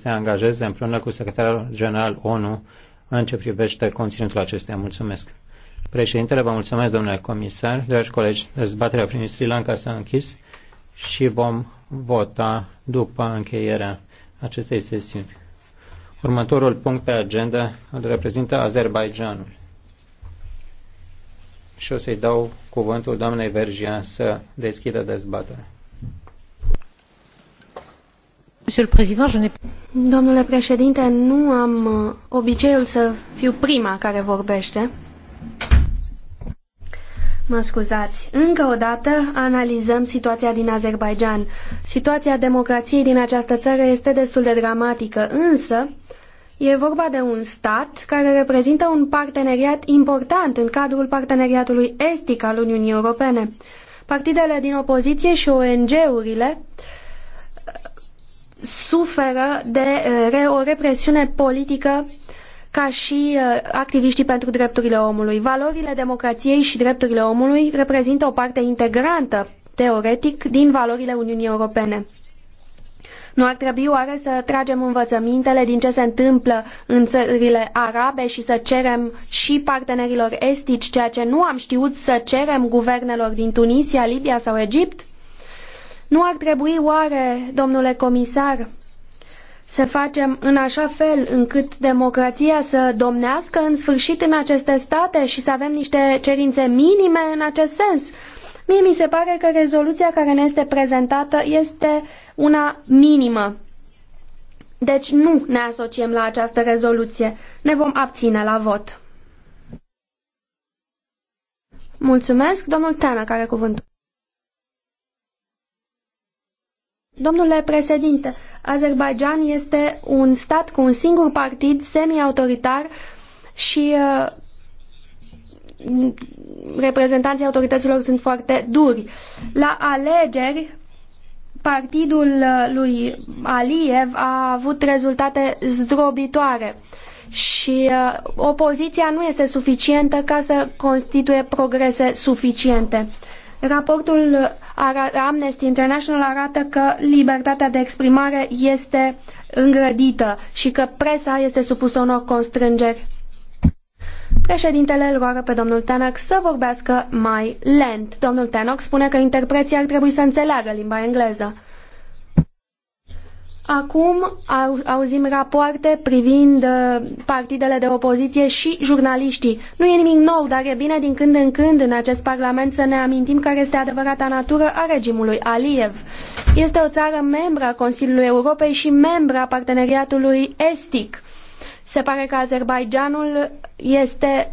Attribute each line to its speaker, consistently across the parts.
Speaker 1: se angajeze împreună cu secretarul general ONU în ce privește conținutul acesteia. Mulțumesc. Președintele, vă mulțumesc, domnule comisar, dragi colegi, dezbaterea prin Sri Lanka s-a închis și vom vota după încheierea acestei sesiuni. Următorul punct pe agenda îl reprezintă Azerbaijanul. Și o să-i dau cuvântul doamnei Vergia să deschidă dezbaterea.
Speaker 2: Domnule președinte, nu am uh, obiceiul să fiu prima care vorbește. Mă scuzați. Încă o dată analizăm situația din Azerbaijan. Situația democrației din această țară este destul de dramatică, însă e vorba de un stat care reprezintă un parteneriat important în cadrul parteneriatului estic al Uniunii Europene. Partidele din opoziție și ONG-urile suferă de eh, o represiune politică ca și eh, activiștii pentru drepturile omului. Valorile democrației și drepturile omului reprezintă o parte integrantă, teoretic, din valorile Uniunii Europene. Nu ar trebui oare să tragem învățămintele din ce se întâmplă în țările arabe și să cerem și partenerilor estici ceea ce nu am știut să cerem guvernelor din Tunisia, Libia sau Egipt? Nu ar trebui oare, domnule comisar, să facem în așa fel încât democrația să domnească în sfârșit în aceste state și să avem niște cerințe minime în acest sens? Mie mi se pare că rezoluția care ne este prezentată este una minimă. Deci nu ne asociem la această rezoluție. Ne vom abține la vot. Mulțumesc, domnul Teană, care cuvântul. Domnule președinte, Azerbaijan este un stat cu un singur partid semi-autoritar și uh, reprezentanții autorităților sunt foarte duri. La alegeri, partidul uh, lui Aliyev a avut rezultate zdrobitoare și uh, opoziția nu este suficientă ca să constituie progrese suficiente. Raportul Amnesty International arată că libertatea de exprimare este îngrădită și că presa este supusă unor constrângeri. Președintele îl roagă pe domnul Tannock să vorbească mai lent. Domnul Tannock spune că interpreții ar trebui să înțeleagă limba engleză. Acum au, auzim rapoarte privind uh, partidele de opoziție și jurnaliștii. Nu e nimic nou, dar e bine din când în când în acest Parlament să ne amintim care este adevărata natură a regimului Aliev. Este o țară membra Consiliului Europei și membra parteneriatului estic. Se pare că Azerbaijanul este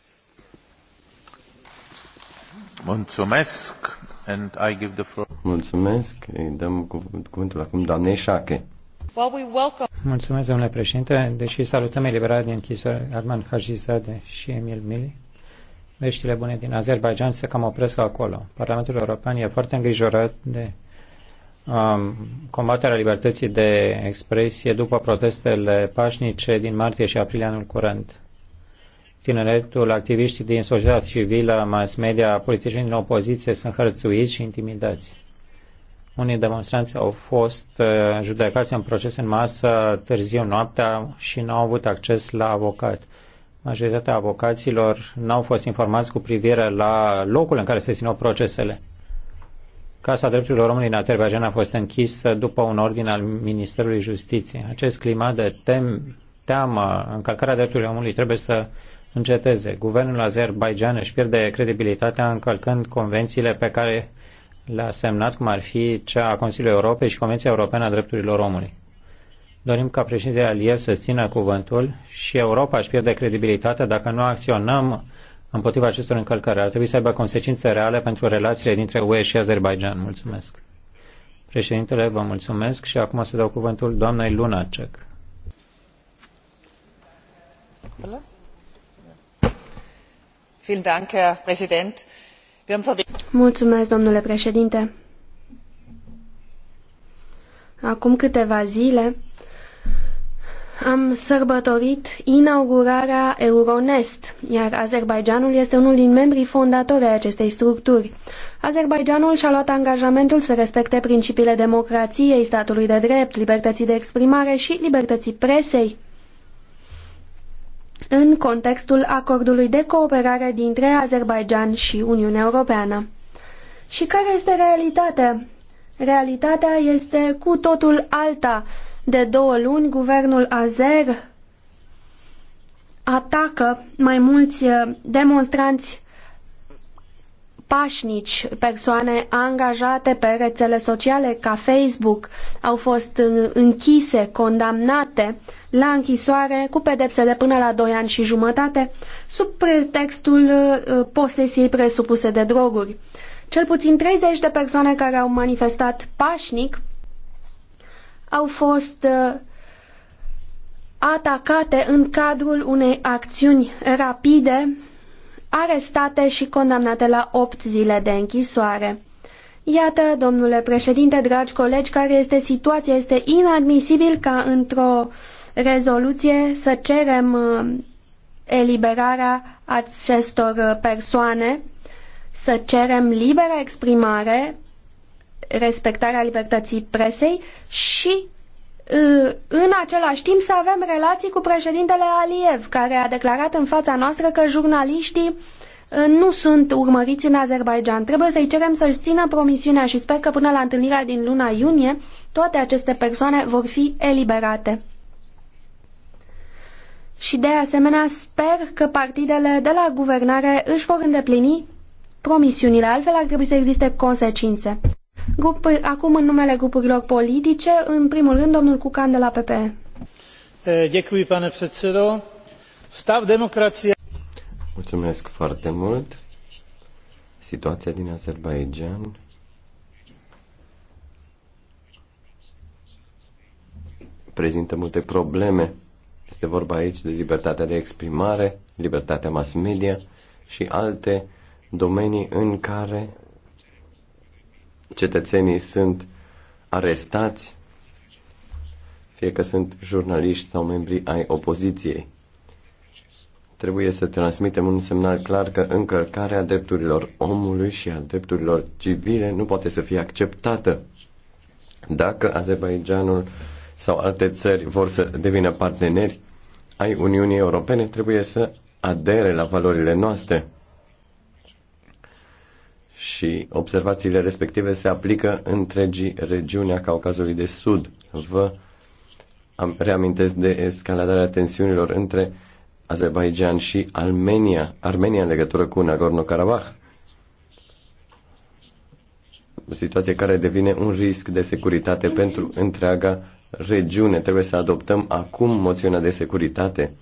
Speaker 3: Mulțumesc. And I give the floor. Mulțumesc. Îi dăm cuvântul acum doamnei Șache.
Speaker 1: Mulțumesc, domnule președinte. Deși salutăm eliberarea din închisoare Arman Hajizade și Emil Mili, veștile bune din Azerbaijan se cam opresc acolo. Parlamentul European e foarte îngrijorat de um, combaterea libertății de expresie după protestele pașnice din martie și aprilie anul curent tineretul, activiștii din societate civilă, mass media, politicieni din opoziție sunt hărțuiți și intimidați. Unii demonstranți au fost uh, judecați în proces în masă târziu noaptea și nu au avut acces la avocat. Majoritatea avocaților n-au fost informați cu privire la locul în care se țineau procesele. Casa Drepturilor Omului în Azerbaijan a fost închisă după un ordin al Ministerului Justiției. Acest climat de tem, teamă, încălcarea drepturilor omului trebuie să înceteze. Guvernul Azerbaijan își pierde credibilitatea încălcând convențiile pe care le-a semnat, cum ar fi cea a Consiliului Europei și Convenția Europeană a Drepturilor Omului. Dorim ca președintele Aliev să țină cuvântul și Europa își pierde credibilitatea dacă nu acționăm împotriva acestor încălcări. Ar trebui să aibă consecințe reale pentru relațiile dintre UE și Azerbaijan. Mulțumesc. Președintele, vă mulțumesc și acum să dau cuvântul doamnei Lunacek.
Speaker 4: Hello?
Speaker 2: Mulțumesc, domnule președinte. Acum câteva zile am sărbătorit inaugurarea Euronest, iar Azerbaidjanul este unul din membrii fondatori ai acestei structuri. Azerbaidjanul și-a luat angajamentul să respecte principiile democrației, statului de drept, libertății de exprimare și libertății presei în contextul acordului de cooperare dintre Azerbaijan și Uniunea Europeană. Și care este realitatea? Realitatea este cu totul alta. De două luni, guvernul azer atacă mai mulți eh, demonstranți pașnici, persoane angajate pe rețele sociale ca Facebook au fost închise, condamnate la închisoare cu pedepse de până la doi ani și jumătate sub pretextul uh, posesiei presupuse de droguri. Cel puțin 30 de persoane care au manifestat pașnic au fost uh, atacate în cadrul unei acțiuni rapide arestate și condamnate la opt zile de închisoare. Iată, domnule președinte, dragi colegi, care este situația. Este inadmisibil ca într-o rezoluție să cerem uh, eliberarea acestor uh, persoane, să cerem libera exprimare, respectarea libertății presei și Uh, în același timp să avem relații cu președintele Aliev, care a declarat în fața noastră că jurnaliștii uh, nu sunt urmăriți în Azerbaijan. Trebuie să-i cerem să-și țină promisiunea și sper că până la întâlnirea din luna iunie toate aceste persoane vor fi eliberate. Și de asemenea sper că partidele de la guvernare își vor îndeplini promisiunile, altfel ar trebui să existe consecințe. Grup, acum, în numele grupurilor politice, în primul rând, domnul Cucan de la PPE.
Speaker 4: Děkuji, pane předsedo. Stav democrației.
Speaker 3: Mulțumesc foarte mult. Situația din Azerbaijan prezintă multe probleme. Este vorba aici de libertatea de exprimare, libertatea mass media și alte domenii în care cetățenii sunt arestați, fie că sunt jurnaliști sau membri ai opoziției. Trebuie să transmitem un semnal clar că încălcarea drepturilor omului și a drepturilor civile nu poate să fie acceptată. Dacă Azerbaijanul sau alte țări vor să devină parteneri ai Uniunii Europene, trebuie să adere la valorile noastre și observațiile respective se aplică întregii regiuni a Caucazului de Sud. Vă reamintesc de escaladarea tensiunilor între Azerbaijan și Armenia, Armenia în legătură cu Nagorno-Karabakh. O situație care devine un risc de securitate pentru întreaga regiune. Trebuie să adoptăm acum moțiunea de securitate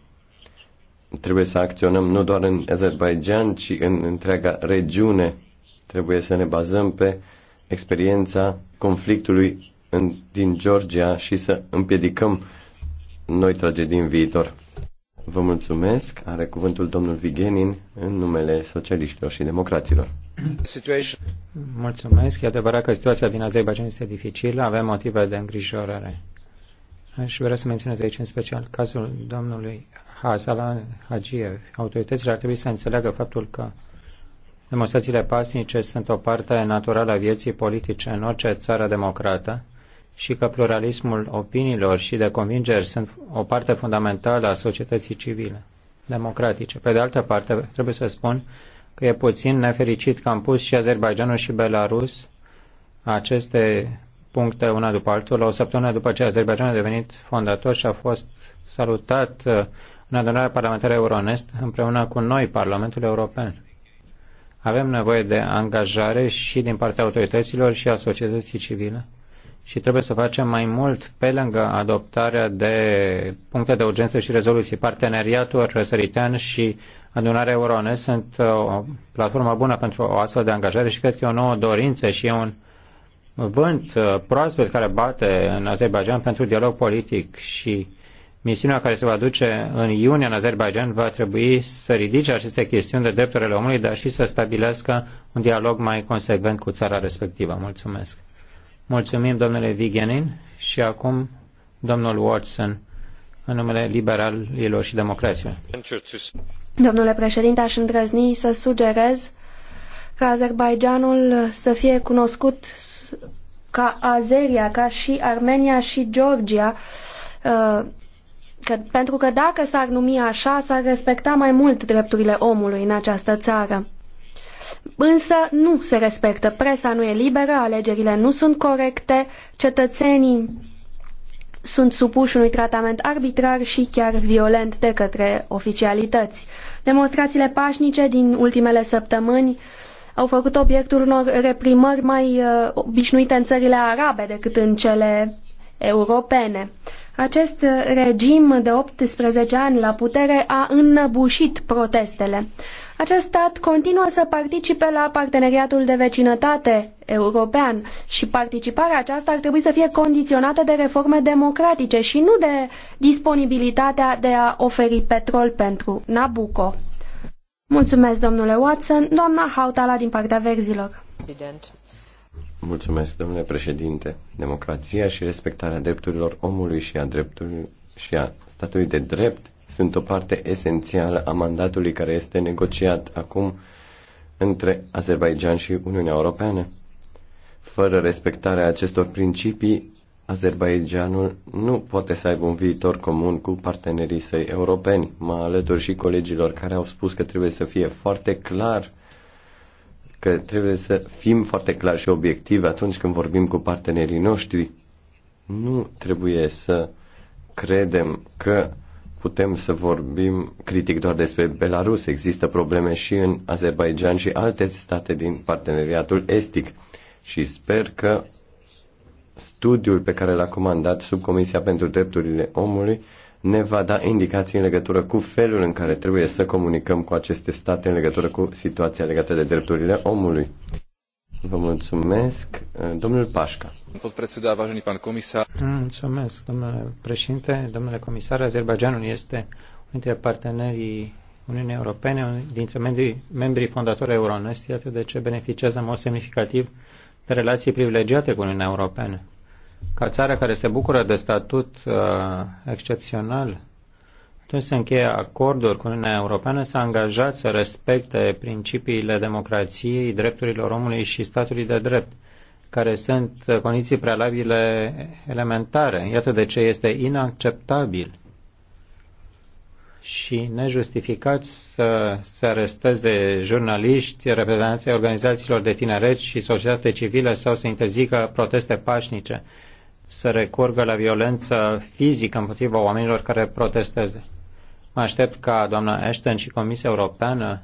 Speaker 3: trebuie să acționăm nu doar în Azerbaijan, ci în întreaga regiune. Trebuie să ne bazăm pe experiența conflictului în, din Georgia și să împiedicăm noi tragedii în viitor. Vă mulțumesc. Are cuvântul domnul Vigenin în numele socialiștilor și democraților.
Speaker 1: Situation. Mulțumesc. E adevărat că situația din Azerbaijan este dificilă. Avem motive de îngrijorare. Aș vrea să menționez aici
Speaker 3: în special cazul
Speaker 1: domnului Hazala Hagiev. Autoritățile ar trebui să înțeleagă faptul că Demonstrațiile pasnice sunt o parte naturală a vieții politice în orice țară democrată și că pluralismul opiniilor și de convingeri sunt o parte fundamentală a societății civile democratice. Pe de altă parte, trebuie să spun că e puțin nefericit că am pus și Azerbaijanul și Belarus aceste puncte una după altul. La o săptămână după ce Azerbaijanul a devenit fondator și a fost salutat uh, în adunarea parlamentară Euronest împreună cu noi, Parlamentul European. Avem nevoie de angajare și din partea autorităților și a societății civile și trebuie să facem mai mult pe lângă adoptarea de puncte de urgență și rezoluții. Parteneriatul Răsăritean și adunarea Eurone sunt uh, o platformă bună pentru o astfel de angajare și cred că e o nouă dorință și e un vânt uh, proaspăt care bate în Azerbaijan pentru dialog politic și Misiunea care se va duce în iunie în Azerbaijan va trebui să ridice aceste chestiuni de drepturile omului, dar și să stabilească un dialog mai consecvent cu țara respectivă. Mulțumesc. Mulțumim, domnule Vigenin, și acum domnul Watson în numele liberalilor și democrației.
Speaker 2: Domnule președinte, aș îndrăzni să sugerez ca Azerbaijanul să fie cunoscut ca Azeria, ca și Armenia și Georgia, uh, Că, pentru că dacă s-ar numi așa, s-ar respecta mai mult drepturile omului în această țară. Însă nu se respectă. Presa nu e liberă, alegerile nu sunt corecte, cetățenii sunt supuși unui tratament arbitrar și chiar violent de către oficialități. Demonstrațiile pașnice din ultimele săptămâni au făcut obiectul unor reprimări mai uh, obișnuite în țările arabe decât în cele europene. Acest regim de 18 ani la putere a înnăbușit protestele. Acest stat continuă să participe la parteneriatul de vecinătate european și participarea aceasta ar trebui să fie condiționată de reforme democratice și nu de disponibilitatea de a oferi petrol pentru Nabucco. Mulțumesc, domnule Watson. Doamna Hautala din partea verzilor.
Speaker 3: President. Mulțumesc, domnule președinte. Democrația și respectarea drepturilor omului și a dreptului și a statului de drept sunt o parte esențială a mandatului care este negociat acum între Azerbaijan și Uniunea Europeană. Fără respectarea acestor principii, Azerbaijanul nu poate să aibă un viitor comun cu partenerii săi europeni. Mă alătur și colegilor care au spus că trebuie să fie foarte clar că trebuie să fim foarte clari și obiectivi atunci când vorbim cu partenerii noștri. Nu trebuie să credem că putem să vorbim critic doar despre Belarus. Există probleme și în Azerbaijan și alte state din parteneriatul estic și sper că studiul pe care l-a comandat Subcomisia pentru Drepturile Omului ne va da indicații în legătură cu felul în care trebuie să comunicăm cu aceste state în legătură cu situația legată de drepturile omului. Vă mulțumesc. Domnul Pașca.
Speaker 1: Mulțumesc, domnule președinte, domnule comisar. Azerbaijanul este unul dintre partenerii Uniunii Europene, unul dintre membrii, membrii fondatori Euronest, iată de ce beneficiază în mod semnificativ de relații privilegiate cu Uniunea Europeană ca țară care se bucură de statut uh, excepțional, atunci se încheie acorduri cu Uniunea Europeană, s-a angajat să respecte principiile democrației, drepturilor omului și statului de drept, care sunt uh, condiții prealabile elementare. Iată de ce este inacceptabil și nejustificat să se aresteze jurnaliști, reprezentanții organizațiilor de tineret și societate civilă sau să interzică proteste pașnice să recurgă la violență fizică împotriva oamenilor care protesteze. Mă aștept ca doamna Ashton și Comisia Europeană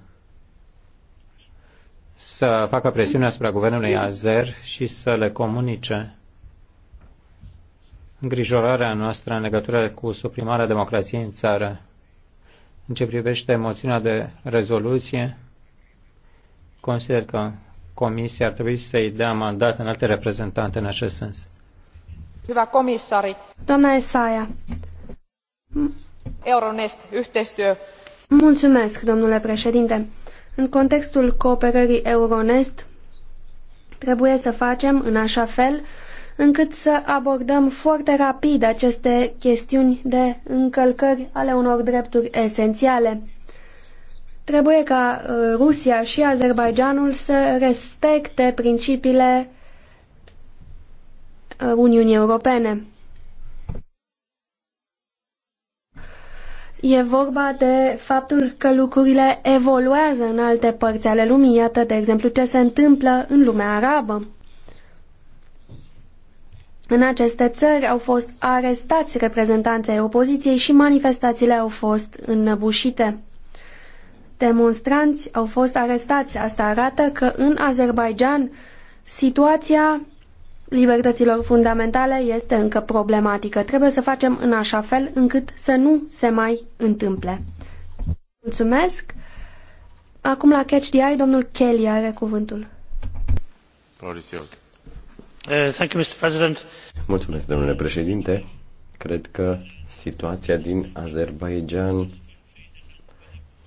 Speaker 1: să facă presiune asupra guvernului Azer și să le comunice îngrijorarea noastră în legătură cu suprimarea democrației în țară. În ce privește moțiunea de rezoluție, consider că Comisia ar trebui să-i dea mandat în alte reprezentante în acest sens.
Speaker 2: Hyvä komissari. Euronest, yhteistyö. Mulțumesc, domnule președinte. În contextul cooperării Euronest, trebuie să facem în așa fel încât să abordăm foarte rapid aceste chestiuni de încălcări ale unor drepturi esențiale. Trebuie ca uh, Rusia și Azerbaijanul să respecte principiile Uh, Uniunii Europene. E vorba de faptul că lucrurile evoluează în alte părți ale lumii. Iată, de exemplu, ce se întâmplă în lumea arabă. În aceste țări au fost arestați reprezentanții opoziției și manifestațiile au fost înnăbușite. Demonstranți au fost arestați. Asta arată că în Azerbaijan situația libertăților fundamentale este încă problematică. Trebuie să facem în așa fel încât să nu se mai întâmple. Mulțumesc! Acum la Catch the Eye, domnul Kelly are cuvântul.
Speaker 4: Uh,
Speaker 3: Mulțumesc, domnule președinte. Cred că situația din Azerbaijan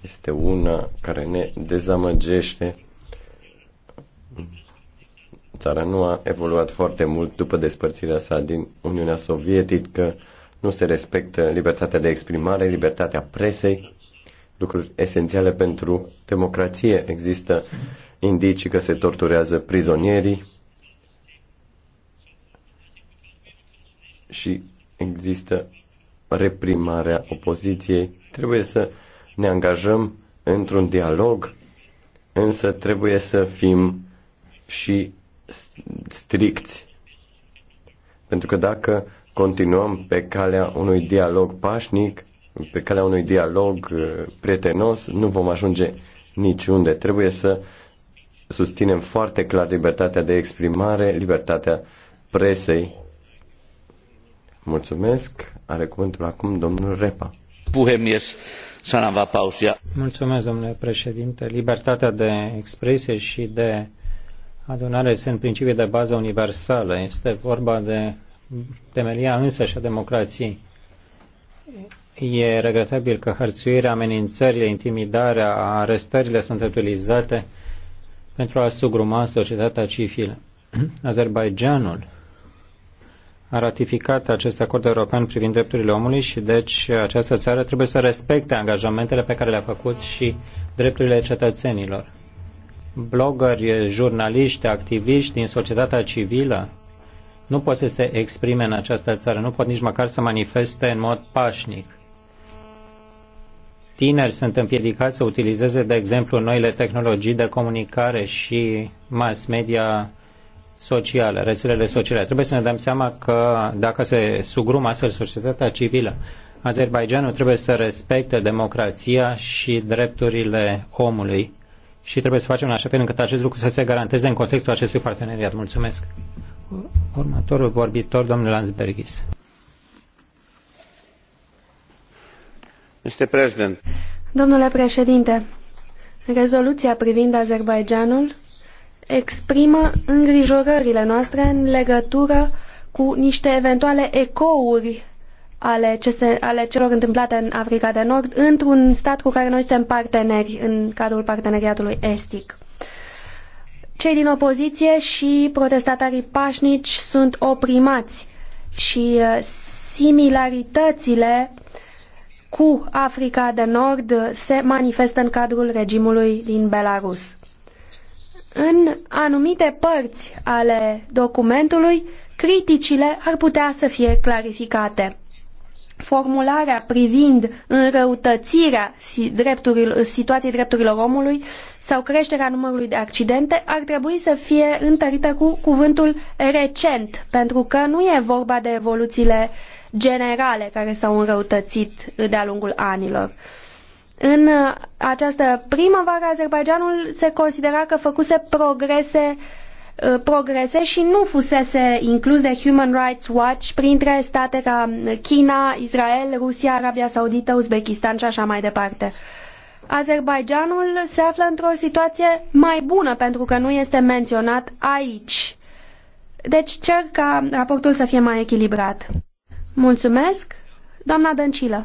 Speaker 3: este una care ne dezamăgește Țara nu a evoluat foarte mult după despărțirea sa din Uniunea Sovietică, nu se respectă libertatea de exprimare, libertatea presei, lucruri esențiale pentru democrație. Există indicii că se torturează prizonierii și există reprimarea opoziției. Trebuie să ne angajăm într-un dialog, însă trebuie să fim și stricți. Pentru că dacă continuăm pe calea unui dialog pașnic, pe calea unui dialog uh, prietenos, nu vom ajunge niciunde. Trebuie să susținem foarte clar libertatea de exprimare, libertatea presei. Mulțumesc. Are cuvântul acum domnul Repa.
Speaker 1: Mulțumesc, domnule președinte. Libertatea de expresie și de adunare sunt principii de bază universală. Este vorba de temelia însă și a democrației. E regretabil că hărțuirea, amenințările, intimidarea, arestările sunt utilizate pentru a sugruma societatea civilă. Azerbaijanul a ratificat acest acord european privind drepturile omului și deci această țară trebuie să respecte angajamentele pe care le-a făcut și drepturile cetățenilor blogări, jurnaliști, activiști din societatea civilă nu pot să se exprime în această țară, nu pot nici măcar să manifeste în mod pașnic. Tineri sunt împiedicați să utilizeze, de exemplu, noile tehnologii de comunicare și mass media sociale, rețelele sociale. Trebuie să ne dăm seama că dacă se sugrumă astfel societatea civilă, Azerbaijanul trebuie să respecte democrația și drepturile omului și trebuie să facem în așa fel încât acest lucru să se garanteze în contextul acestui parteneriat. Mulțumesc. Următorul vorbitor, domnul Lansbergis.
Speaker 3: Mr. President.
Speaker 2: Domnule președinte, rezoluția privind Azerbaijanul exprimă îngrijorările noastre în legătură cu niște eventuale ecouri ale, ce se, ale celor întâmplate în Africa de Nord într-un stat cu care noi suntem parteneri în cadrul parteneriatului estic. Cei din opoziție și protestatarii pașnici sunt oprimați și uh, similaritățile cu Africa de Nord se manifestă în cadrul regimului din Belarus. În anumite părți ale documentului, criticile ar putea să fie clarificate formularea privind înrăutățirea situației drepturilor omului sau creșterea numărului de accidente ar trebui să fie întărită cu cuvântul recent, pentru că nu e vorba de evoluțiile generale care s-au înrăutățit de-a lungul anilor. În uh, această primăvară, Azerbaijanul se considera că făcuse progrese uh, Uh, progrese și nu fusese inclus de Human Rights Watch printre state ca China, Israel, Rusia, Arabia Saudită, Uzbekistan și așa mai departe. Azerbaidjanul se află într-o situație mai bună pentru că nu este menționat aici. Deci cer ca raportul să fie mai echilibrat. Mulțumesc, doamna Dăncilă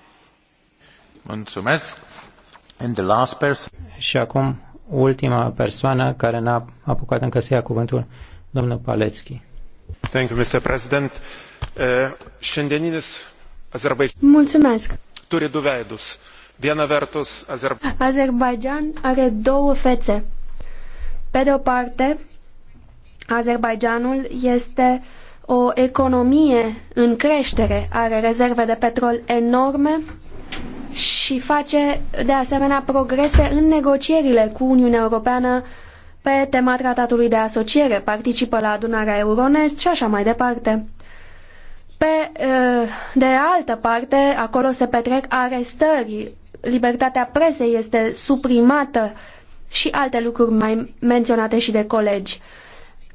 Speaker 1: Mulțumesc. And the last person. Și acum ultima persoană care n-a apucat încă să ia cuvântul, domnul Palețchi. Thank you, Mr. President. Eh, Șendenides,
Speaker 2: Mulțumesc. Turi duvedus. Viena vertus, Azerbaijan. Azerbaijan are două fețe. Pe de o parte, Azerbaijanul este o economie în creștere, are rezerve de petrol enorme, și face de asemenea progrese în negocierile cu Uniunea Europeană pe tema tratatului de asociere, participă la adunarea Euronest și așa mai departe. Pe, eh, de altă parte, acolo se petrec arestări, libertatea presei este suprimată și alte lucruri mai menționate și de colegi.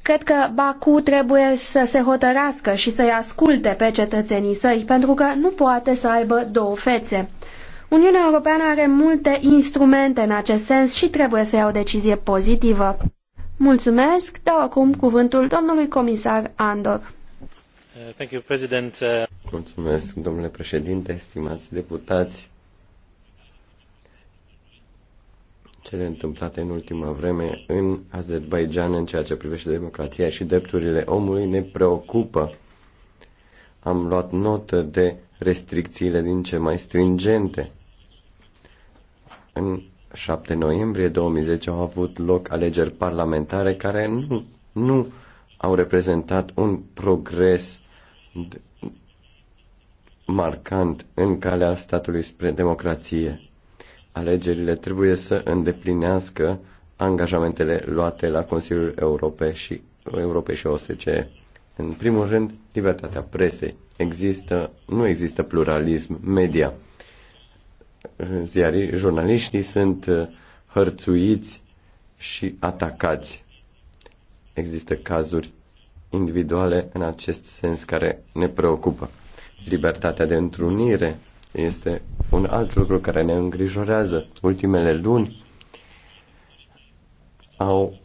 Speaker 2: Cred că Baku trebuie să se hotărască și să-i asculte pe cetățenii săi, pentru că nu poate să aibă două fețe. Uniunea Europeană are multe instrumente în acest sens și trebuie să ia o decizie pozitivă. Mulțumesc, dau acum cuvântul domnului comisar Andor.
Speaker 4: Thank you, President.
Speaker 3: Mulțumesc, domnule președinte, stimați deputați. Cele întâmplate în ultima vreme în Azerbaijan în ceea ce privește democrația și drepturile omului ne preocupă. Am luat notă de restricțiile din ce mai stringente în 7 noiembrie 2010 au avut loc alegeri parlamentare care nu, nu au reprezentat un progres marcant în calea statului spre democrație. Alegerile trebuie să îndeplinească angajamentele luate la Consiliul Europei și, Europe și OSCE. În primul rând, libertatea presei. Există, nu există pluralism media ziarii, jurnaliștii sunt uh, hărțuiți și atacați. Există cazuri individuale în acest sens care ne preocupă. Libertatea de întrunire este un alt lucru care ne îngrijorează. Ultimele luni au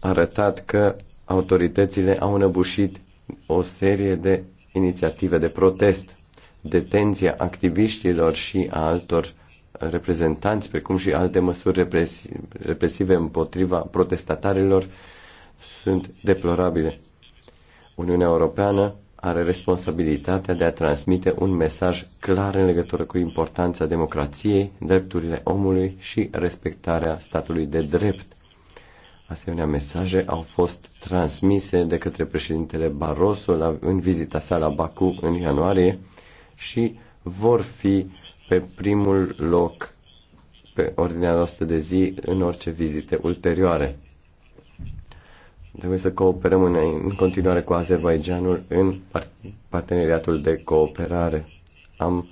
Speaker 3: arătat că autoritățile au înăbușit o serie de inițiative de protest detenția activiștilor și a altor reprezentanți, precum și alte măsuri represive împotriva protestatarilor, sunt deplorabile. Uniunea Europeană are responsabilitatea de a transmite un mesaj clar în legătură cu importanța democrației, drepturile omului și respectarea statului de drept. Asemenea, mesaje au fost transmise de către președintele Barroso la, în vizita sa la Baku în ianuarie și vor fi pe primul loc pe ordinea noastră de zi în orice vizite ulterioare. Trebuie să cooperăm în, în continuare cu Azerbaijanul în parteneriatul de cooperare. Am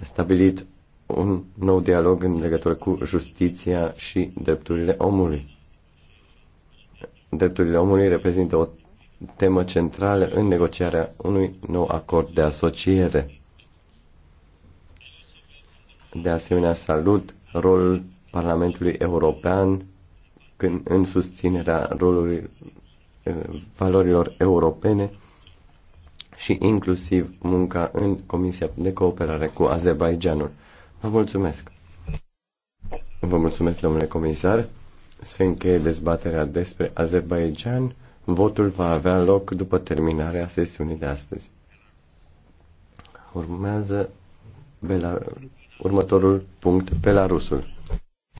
Speaker 3: stabilit un nou dialog în legătură cu justiția și drepturile omului. Drepturile omului reprezintă o temă centrală în negocierea unui nou acord de asociere. De asemenea, salut rolul Parlamentului European când, în susținerea rolului eh, valorilor europene și inclusiv munca în Comisia de Cooperare cu Azerbaijanul. Vă mulțumesc! Vă mulțumesc, domnule comisar. Se încheie dezbaterea despre Azerbaijan. Votul va avea loc după terminarea sesiunii de astăzi. Urmează Belarus următorul punct, Belarusul.